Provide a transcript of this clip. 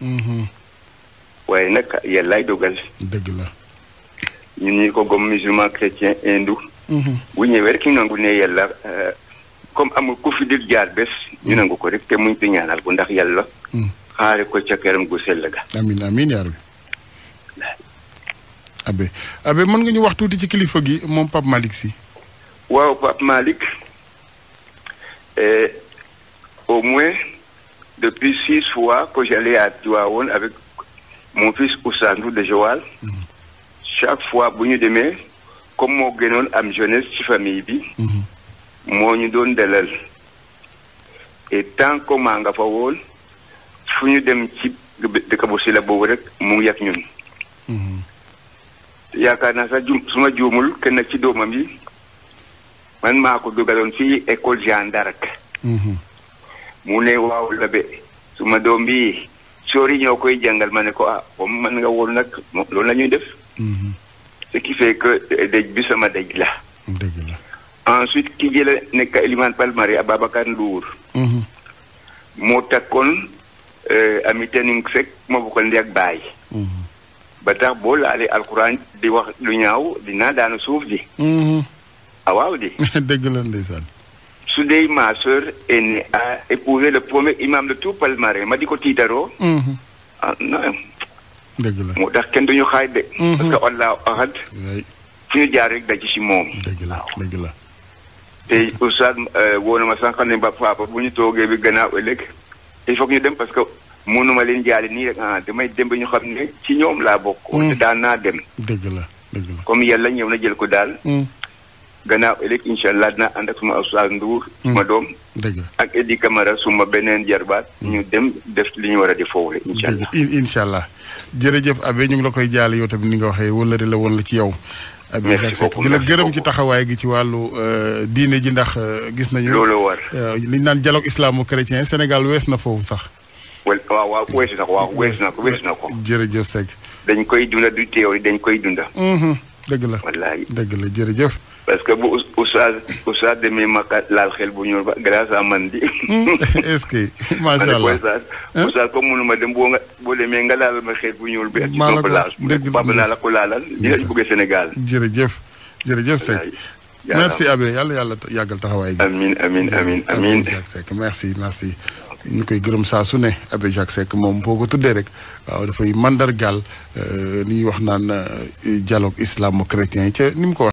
Mm-hmm. waaye nag yàllaay dogal. dëgg la. ñu ñi ko gom musulman chrétien hindou. Mm-hmm. bu ñëwee rek ñu nangu ne yàlla euh, comme amul ku fi dil jaar bés. ñu mm-hmm. nangu ko rek te muñ ko ñaanal ko ndax yàlla. xaare ko ca këram gu sell ga. amiin amiin yaa abe abe mën nga ñu wax tuuti ci kilifa gi moom Pape Malick si. waaw Pape Malick euh, au moins. depuis six fois que j'allais à Tuaon avec mon fils Oussandou de Joal. chaque fois bu ñu demee comme moo gënoon am jeunesse ci famille bi. moo ñu doon dalal. et tant que maa nga ñu dem ci dëkk bu si la boobu rek mu ngi yàgg ñun. yaakaar naa ma juumul ci doomam yi man maa ko dugaloon fii école Jeanne d'Arc. mu ne waaw labe su ma doom bii sori ñoo koy jàngal ma ne ko ah comme man nga woon nag loolu la ñuy def. Mhm. ce qui fait que dëj bi sama dëj la. dëj la ensuite ki jëla nekk Elimane Palmari Ababacar Ndour. Mhm. moo takkoon euh, ami tening fekk ma bokkal ndey ak baay. Mhm. ba tax boo laalee alxuraan di wax lu ñaaw dinaa daanu suuf di. ah waaw di. dëgg la ndeysaan. Soudey ma sœur est née à épouser le eh, premier imam de tout Palmarin ma di ko tiitaroo. ah non. dëgg la moo tax kenn duñu xaaj de. parce que Allahu ahad. fu ñu jaar rek daji si moom. dëgg la dëgg la. te oustaz woo saa ma ne ba papa bu ñu toogee bi gannaaw ëllëg il faut que ñu dem parce que mënuma leen jaale nii rek ah damay dem ba ñu xam ne ci ñoom laa bokk. te daan naa dem. dëgg la dëgg la comme yàlla ñëw na jël ko daal. Mhm. gannaaw ëllëg incha allah dina ànd ak suma ustaas Ndour. suma mm. doom. ak Eddi Camara suma beneen jarbaat. Mm. ñu dem def li ñu war a di fowle. incha allah jërëjëf Abe ñu ngi la koy jaale yow tamit ni nga waxee wëllëri la woon la ci yow. merci beaucoup di la gërëm ci taxawaay gi ci wàllu euh, diine ji ndax euh, gis nañu. loolu war euh, li ñu naan dialogue islamo-chrétien Sénégal wees na foofu sax. waaw waaw weesu na ko waaw weesu na ko jërëjëf Seck. dañ koy dunda du teew dañ koy dunda. Mm-hmm. dëgg la wallaay dëgg la jërëjëf. parce que bu oustaz demee ma laal xel bu ñuul ba grâce à man di. Hmm. est-ce que macha ma ko oustaz comme dem boo nga boo demee nga laal ma xel bu ñuul bi. maa la ko dëgg la papa naa la ko laalal. ñu lañ bëgg Sénégal. jërëjëf jërëjëf Seck. merci yàlla yàlla yàggal taxawaay gi. amiin amiin ñu koy gërëm saa su ne Abbé Jacques Seck moom boo ko tuddee rek waaw dafay mandargaal ni euh, ñuy wax naan euh, dialogue islamo-chrétien ca ni mu ko